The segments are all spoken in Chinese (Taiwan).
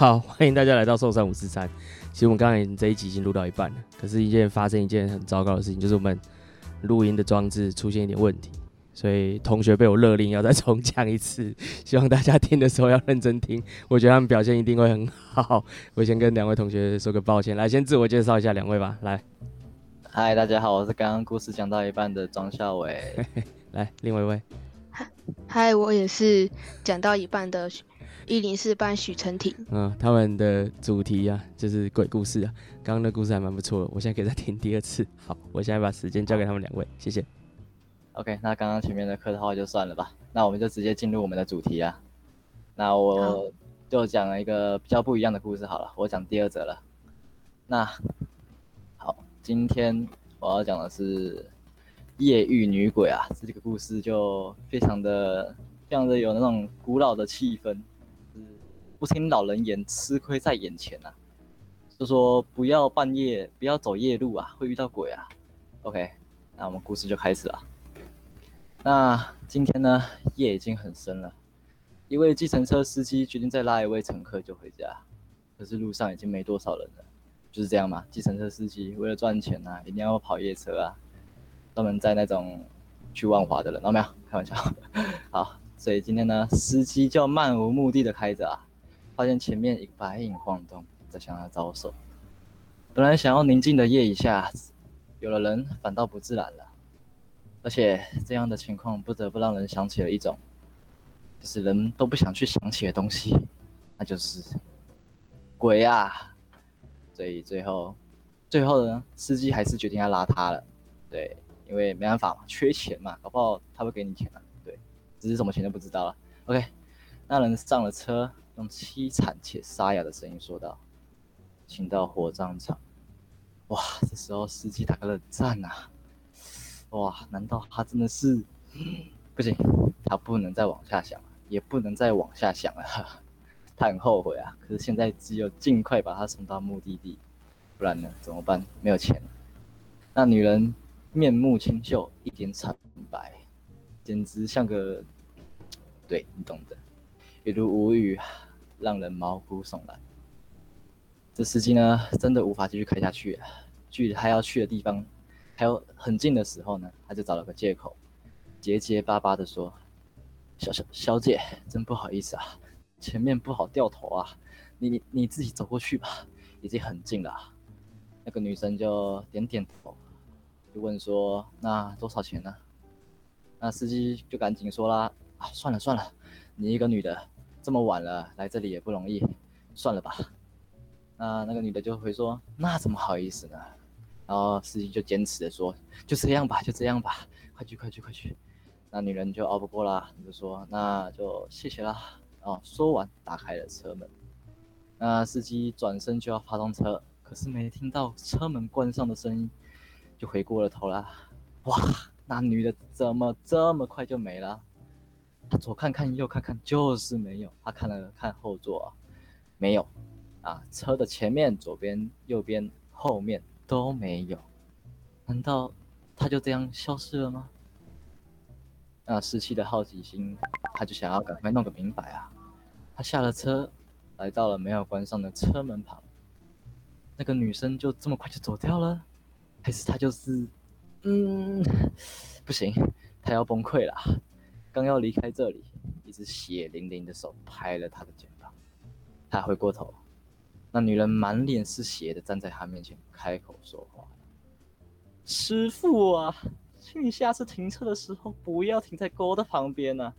好，歡迎大家來到壽山五四三。其實我們剛剛這一集已經錄到一半了，可是，一件發生一件很糟糕的事情，就是我們錄音的裝置出現一點問題，所以同學被我勒令要再重講一次。希望大家聽的時候要認真聽，我覺得他們表現一定會很好。我先跟兩位同學說個抱歉，來，先自我介紹一下兩位吧。來，嗨，大家好，我是剛剛故事講到一半的莊孝偉，嘿嘿。來，另外一位，嗨，我也是講到一半的。一零四班許晨庭，嗯，他們的主題啊，就是鬼故事啊。剛剛的故事還蠻不錯的，我現在可以再聽第二次。好，我現在把時間交給他們兩位，謝謝。OK，那剛剛前面的客套話就算了吧，那我們就直接進入我們的主題啊。那我好就講了一個比較不一樣的故事好了，我講第二則了。那好，今天我要講的是夜遇女鬼啊，這個故事就非常的、非常的有那種古老的氣氛。不聽老人言，吃虧在眼前啊！就說不要半夜，不要走夜路啊，會遇到鬼啊。OK，那我們故事就開始了。那今天呢，夜已經很深了，一位計程車司機決定再拉一位乘客就回家，可是路上已經沒多少人了，就是這樣嘛。計程車司機為了賺錢啊，一定要跑夜車啊，專門載那種去萬華的人，看，哦、到沒有？開玩笑。 好，所以今天呢，司機就漫無目的的開着啊。發現前面一個白影晃動，在向他招手。本來想要寧靜的夜，一下子有了人，反倒不自然了。而且這樣的情況，不得不讓人想起了一種，就是人都不想去想起的東西，那就是鬼啊。所以最後，最後呢，司機還是決定要拉他了。對，因為沒辦法嘛，缺錢嘛，搞不好他會給你錢啊。對，只是什麼錢都不知道了。OK，那人上了車。淒慘且沙啞的聲音說道：“請到火葬場。”哇，這時候司機打個冷戰啊！哇，難道他真的是？不行，他不能再往下想了，也不能再往下想了。他很後悔啊，可是現在只有盡快把他送到目的地，不然呢？怎麼辦？沒有錢。那女人面目清秀，一點慘白，簡直像個……對，你懂的。一路無語。讓人毛骨悚然。這司機呢，真的無法繼續開下去了。距離他要去的地方還有很近的時候呢，他就找了個借口，結結巴巴的說：“小、 小、小姐，真不好意思啊，前面不好掉頭啊，你、你、你自己走過去吧，已經很近了、啊。”那個女生就點點頭，就問說：“那多少錢呢？”那司機就趕緊說啦：“啊，算了算了，你一個女的。”這麼晚了，來這裡也不容易，算了吧。那那個女的就會說：“那怎麼好意思呢？”然後司機就堅持著說：“就這樣吧，就這樣吧，快去快去快去快去。”那女人就拗不過了，就說：“那就謝謝了。”哦，然後說完，打開了車門。那司機轉身就要發動車，可是沒聽到車門關上的聲音，就回過了頭了。哇，那女的怎麼這麼快就沒了？他左看看右看看，就是沒有。他看了看後座啊，沒有。啊，車的前面、左邊、右邊、後面都沒有。難道他就這樣消失了嗎？那失去的好奇心，他就想要趕快弄個明白啊！他下了車，來到了沒有關上的車門旁。那個女生就這麼快就走掉了？還是他就是……嗯，不行，他要崩潰了。剛要離開這裡，一隻血淋淋的手拍了他的肩膀。他回過頭，那女人滿臉是血的站在他面前，開口說話：“師傅啊，請你下次停車的時候不要停在溝的旁邊啊！”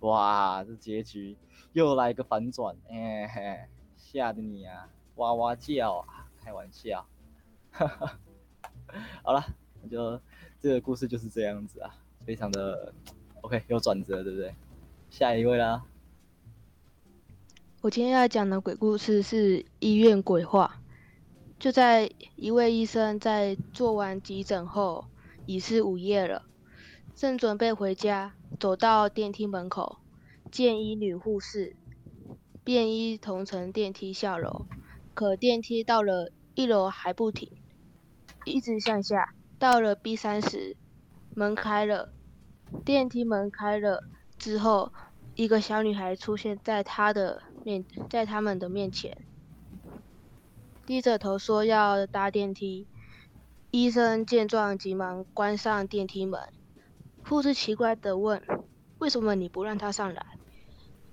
哇，這結局又來一個反轉。哎嘿，嚇得你啊，哇哇叫啊！開玩笑，哈哈。好了，就這個故事就是這樣子啊，非常的。OK，有轉折，對不對？下一位啦。我今天要講的鬼故事是醫院鬼話。就在一位醫生在做完急診後，已是午夜了，正準備回家，走到電梯門口，見一女護士，便一同乘電梯下樓。可電梯到了一樓還不停，一直向下，到了 B3 時，門開了。電梯門開了之後，一個小女孩出現在他的面，在他們的面前，低着頭說要搭電梯。醫生見狀，急忙關上電梯門。護士奇怪地問：“為什麼你不讓她上來？”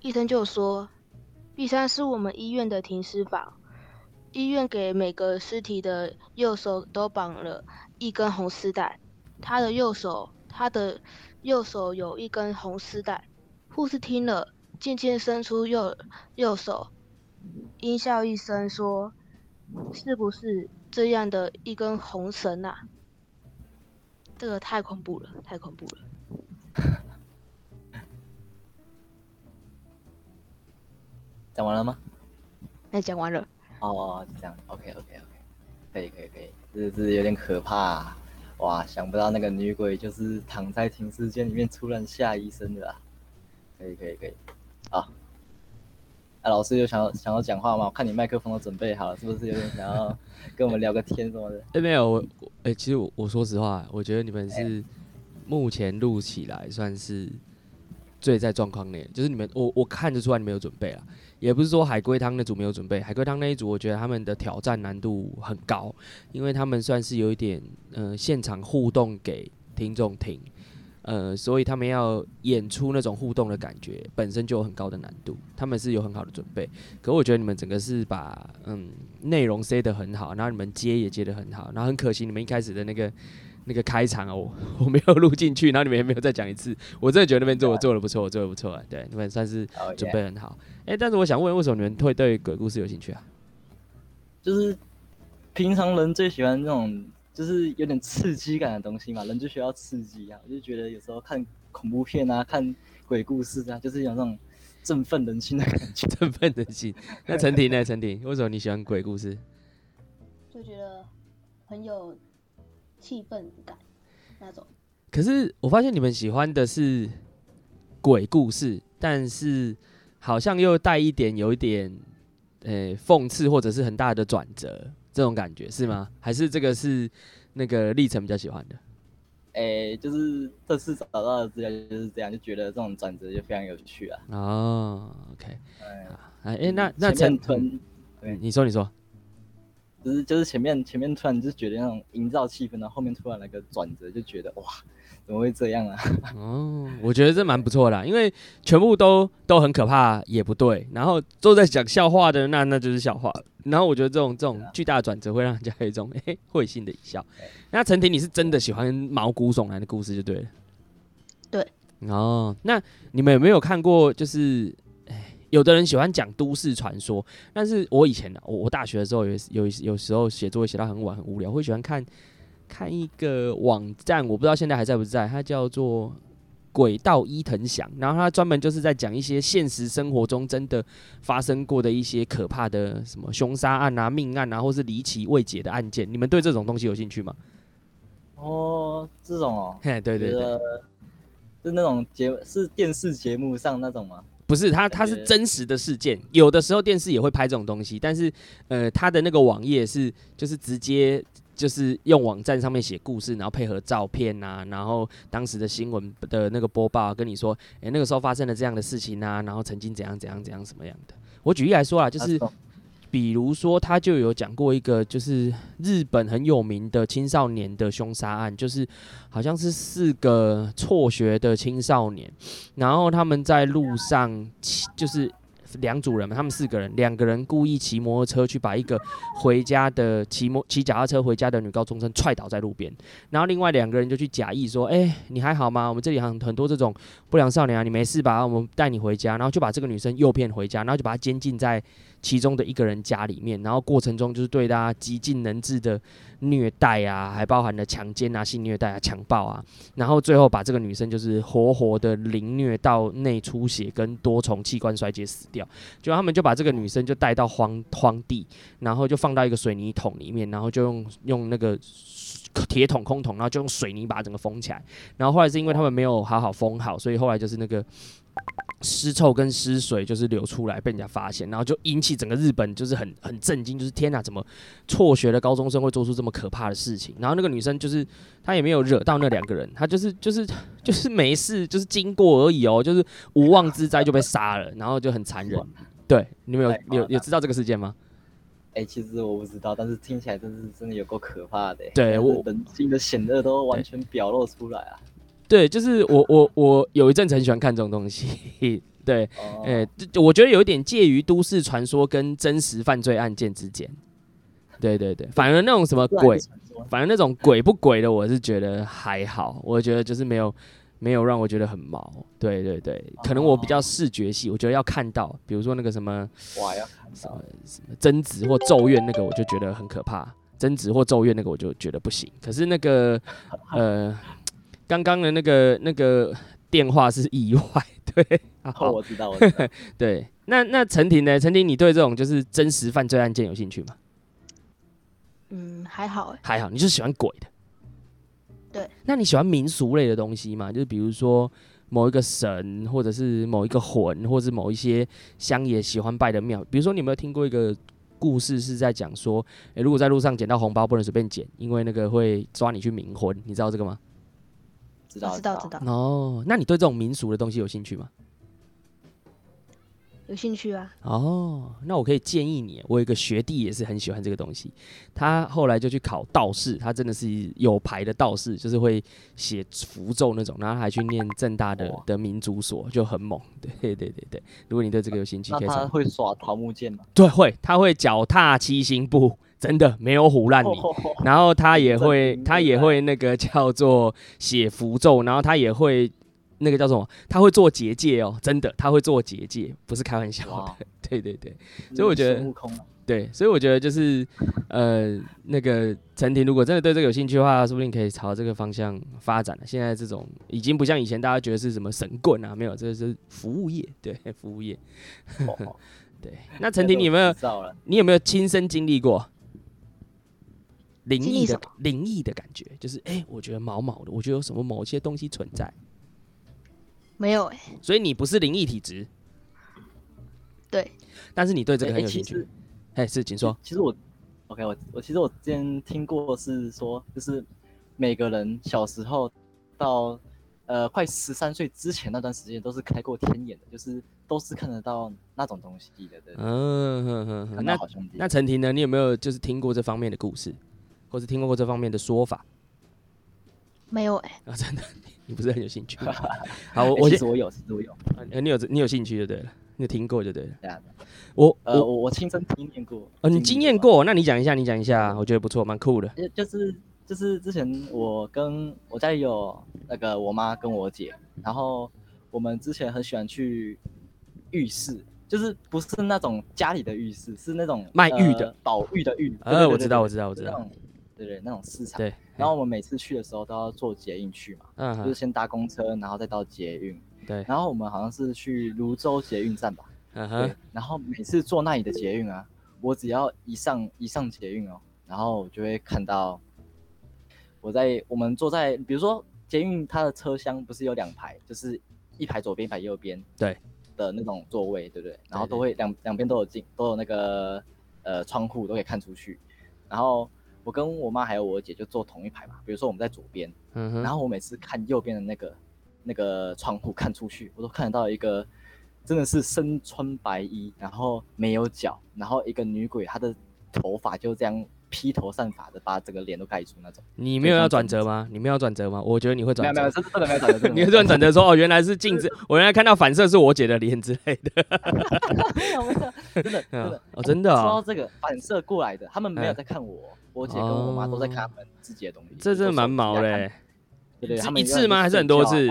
醫生就說：“B3 是我們醫院的停屍房，醫院給每個屍體的右手都綁了一根紅絲帶，她的右手，她的。”右手有一根紅絲帶，護士聽了，漸漸伸出右右手，陰笑一聲說：“是不是這樣的一根紅繩啊？”這個太恐怖了，太恐怖了。講完了嗎？那講完了。哦哦，這樣。OK，OK，OK，可以，可以，可以。這這有點可怕啊。哇，想不到那個女鬼就是躺在停屍間裡面突然嚇醫生的啦，可以可以可以，可以好啊，那老師有想想要講話嗎？我看你麥克風都準備好了，是不是有點想要跟我們聊個天什麼的？誒、 欸，沒有我、欸、其實我我說實話，我覺得你們是目前錄起來算是最在狀況內，就是你們我我看得出來你們有準備了。也不是說海龜湯那組沒有準備，海龜湯那一組，我覺得他們的挑戰難度很高，因為他們算是有一點，嗯，呃，現場互動給聽眾聽，呃，所以他們要演出那種互動的感覺，本身就有很高的難度。他們是有很好的準備，可我覺得你們整個是把，嗯，內容塞得很好，然後你們接也接得很好，然後很可惜你們一開始的那個。那個開場哦，我沒有錄進去，然後你們也沒有再講一次。我真的覺得那邊做，我做的不錯，我做的不錯、啊，對，你們算是準備很好。哎、oh, yeah. 欸，但是我想問，為什麼你們會對鬼故事有興趣啊？就是平常人最喜歡這種，就是有點刺激感的東西嘛，人就需要刺激啊。我就覺得有時候看恐怖片啊，看鬼故事啊，就是有那種振奮人心的感覺。 振奮人心。 那晨庭呢？晨 庭，為什麼你喜歡鬼故事？就覺得很有。氣氛感，那種。可是我發現你們喜歡的是鬼故事，但是好像又帶一點有一點，呃、欸，諷刺或者是很大的轉折，這種感覺是嗎？還是這個是那個立宸比較喜歡的？哎、欸，就是這次找到的資料就是這樣，就覺得這種轉折就非常有趣啊。哦，OK，哎，那那晨庭，對，你說，你說。就是就是前面前面突然就覺得那種營造氣氛，然後後面突然來個轉折，就覺得哇，怎麼會這樣啊？哦，我覺得這蠻不錯的啦，因為全部都都很可怕也不對，然後都在講笑話的，那那就是笑話。然後我覺得這種這種巨大的轉折會讓人家有一種哎、啊、 會心的一笑。對那晨庭，你是真的喜歡毛骨悚然的故事就對了。對。哦，那你們有沒有看過就是？有的人喜歡講都市傳說，但是我以前呢、啊，我我大學的時候有有有時候寫作業寫到很晚很無聊，會喜歡看看一個網站，我不知道現在還在不在，它叫做《鬼道伊藤響》，然後它專門就是在講一些現實生活中真的發生過的一些可怕的什麼兇殺案啊、命案啊，或是離奇未解的案件。你們對這種東西有興趣嗎？哦，這種哦，嘿，對對對，對是，是那種節，是電視節目上那種嗎？不是，它它是真實的事件，有的時候電視也會拍這種東西，但是，呃，它的那個網頁是就是直接就是用網站上面寫故事，然後配合照片啊，然後當時的新聞的那個播報啊，跟你說，哎，欸，那個時候發生了這樣的事情啊，然後曾經怎樣怎樣怎樣什麼樣的。我舉例來說啊，就是。比如說，他就有講過一個，就是日本很有名的青少年的凶殺案，就是好像是四個輟學的青少年，然後他們在路上騎，就是兩組人嘛，他們四個人，兩個人故意騎摩托車去把一個回家的騎摩騎腳踏車回家的女高中生踹倒在路邊，然後另外兩個人就去假意說，誒，你還好嗎？我們這裡很很多這種不良少年啊，你沒事吧？我們帶你回家，然後就把這個女生誘騙回家，然後就把她監禁在，其中的一個人家裡面，然後過程中就是對他極盡能事的虐待啊，還包含了強姦啊、性虐待啊、強暴啊，然後最後把這個女生就是活活的凌虐到內出血跟多重器官衰竭死掉。就他們就把這個女生就帶到荒荒地，然後就放到一個水泥桶裡面，然後就用用那個鐵桶空桶，然後就用水泥把它整個封起來。然後後來是因為他們沒有好好封好，所以後來就是那個。屍臭跟屍水就是流出來被人家發現，然後就引起整個日本就是很很震驚，就是天吶，怎麼輟學的高中生會做出這麼可怕的事情？然後那個女生就是她也沒有惹到那兩個人，她就是就是就是沒事，就是經過而已哦、喔，就是無妄之災就被殺了，然後就很殘忍。對，你們有對你有對有知道這個事件嗎？哎、欸，其實我不知道，但是聽起來真是真的有夠可怕的、欸。對我本性的險惡都完全表露出來啊。對，就是我我我有一陣子很喜歡看這種東西。 對，哎、oh.，我覺得有一點介於都市傳說跟真實犯罪案件之間。對對對，反而那種什麼鬼，反而那種鬼不鬼的，我是覺得還好。我覺得就是沒有沒有讓我覺得很毛。對對對，oh. 可能我比較視覺系，我覺得要看到，比如說那個什麼，要看到什麼貞子或咒怨那個，我就覺得很可怕。貞子或咒怨那個，我就覺得不行。可是那個呃。Oh. 剛剛的那個那個電話是意外，對，好，我知道了。我知道 對，那那晨庭呢？晨庭，你對這種就是真實犯罪案件有興趣嗎？嗯，還好耶還好，你是喜歡鬼的。對。那你喜歡民俗類的東西嗎？就是比如說某一個神，或者是某一個魂，或者是某一些鄉野喜歡拜的廟。比如說，你有沒有聽過一個故事，是在講說，誒、欸，如果在路上撿到紅包，不能隨便撿，因為那個會抓你去冥婚，你知道這個嗎？知道知道,知道哦，那你對這種民俗的東西有興趣嗎？有興趣啊！哦，那我可以建議你，我有一個學弟也是很喜歡這個東西，他後來就去考道士，他真的是有牌的道士，就是會寫符咒那種，然後還去念政大的哇的民族所，就很猛。對對對對對，如果你對這個有興趣，他會耍桃木劍嗎？對，會，他會腳踏七星步。真的沒有唬爛你，oh、然後他也會，oh、他也會那個叫做寫符咒，然後他也會那個叫什麼？他會做結界哦，真的，他會做結界，不是開玩笑的。Wow. 對對對，啊、所以我覺得，對，所以我覺得就是呃，那個晨庭，如果真的對這個有興趣的話，說不定可以朝這個方向發展了。現在這種已經不像以前大家覺得是什麼神棍啊，沒有，這個是服務業，對，服務業。Oh、 對，那晨庭， 你有沒有？Oh oh. 你有沒有親身經歷過？靈異的靈異的感覺，就是哎、欸，我覺得毛毛的，我覺得有什麼某些東西存在，沒有哎、欸。所以你不是靈異體質？對，但是你對這個很有興趣，哎、欸欸欸，是，請說。其實我，OK，我我其實我之前聽過是說，就是每個人小時候到呃快十三歲之前那段時間都是開過天眼的，就是都是看得到那種東西的。嗯哼哼，好兄弟。那那晨庭呢？你有沒有就是聽過這方面的故事？或是聽過過這方面的說法。沒有哎啊，真的，你不是很有興趣？好，我其實我有，我有。你有你有興趣就對了，你有聽過就對了。這樣的，我呃我我親身體驗過。呃，你經驗過，那你講一下，你講一下，我覺得不錯，蠻酷的。就是就是之前我跟我家裡有那個我媽跟我姐，然後我們之前很喜歡去浴室，就是不是那種家裡的浴室，是那種賣玉的、寶玉的玉。呃，我知道，我知道，我知道。對，對，那種市場。對，對，然後我們每次去的時候都要坐捷運去嘛，嗯、uh，huh. 就是先搭公車，然後再到捷運。對，然後我們好像是去蘆洲捷運站吧。嗯哼、uh huh.。然後每次坐那裡的捷運啊，我只要一上一上捷運哦，然後我就會看到，我在我們坐在，比如說捷運它的車廂不是有兩排，就是一排左邊一排右邊，對，的那種座位，對不對？對，然後都會兩兩邊都有進都有那個呃窗戶都可以看出去，然後。我跟我媽還有我姐就坐同一排嘛，比如說我們在左邊，嗯、哼然後我每次看右邊的那個那個窗戶看出去，我都看得到一個真的是身穿白衣，然後沒有腳，然後一個女鬼，她的頭髮就這樣。披頭散髮的，把整個臉都蓋住那種。你沒有要轉折嗎？你沒有轉折嗎？我覺得你會轉折，沒有沒有真的沒有轉折。你會轉轉折說哦，原來是鏡子，我原來看到反射是我姐的臉之類的。沒有沒有真的真的哦真的啊！說到這個反射過來的，他們沒有在看我，我姐跟我媽都在看他們自己的東西。這真的蠻毛嘞。對對，是一次嗎？還是很多次？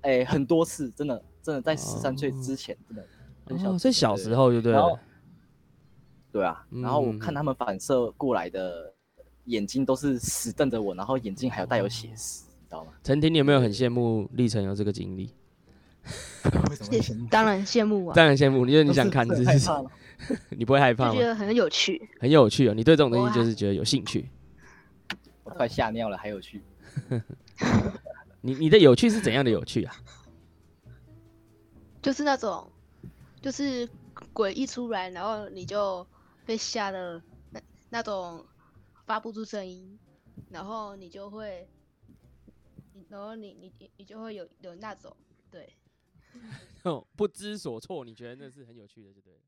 哎，很多次，真的真的，在十三歲之前，真的很小，是小時候就對了對啊，然後我看他們反射過來的眼睛都是死瞪着我，然後眼睛還有帶有血絲，你知道嗎？晨庭，你有沒有很羨慕立宸有這個經歷？當然羨慕啊！當然羨慕，因為你想看自己，你不會害怕嗎？我覺得很有趣，很有趣哦、喔！你對這種東西就是覺得有興趣，我,我快嚇尿了，還有趣？ 你你的有趣是怎樣的有趣啊？就是那種，就是鬼一出來，然後你就。被嚇得那那種發不出聲音，然後你就會，然後你你你你就會有有那種對，no, 不知所措。你覺得那是很有趣的，是對，對？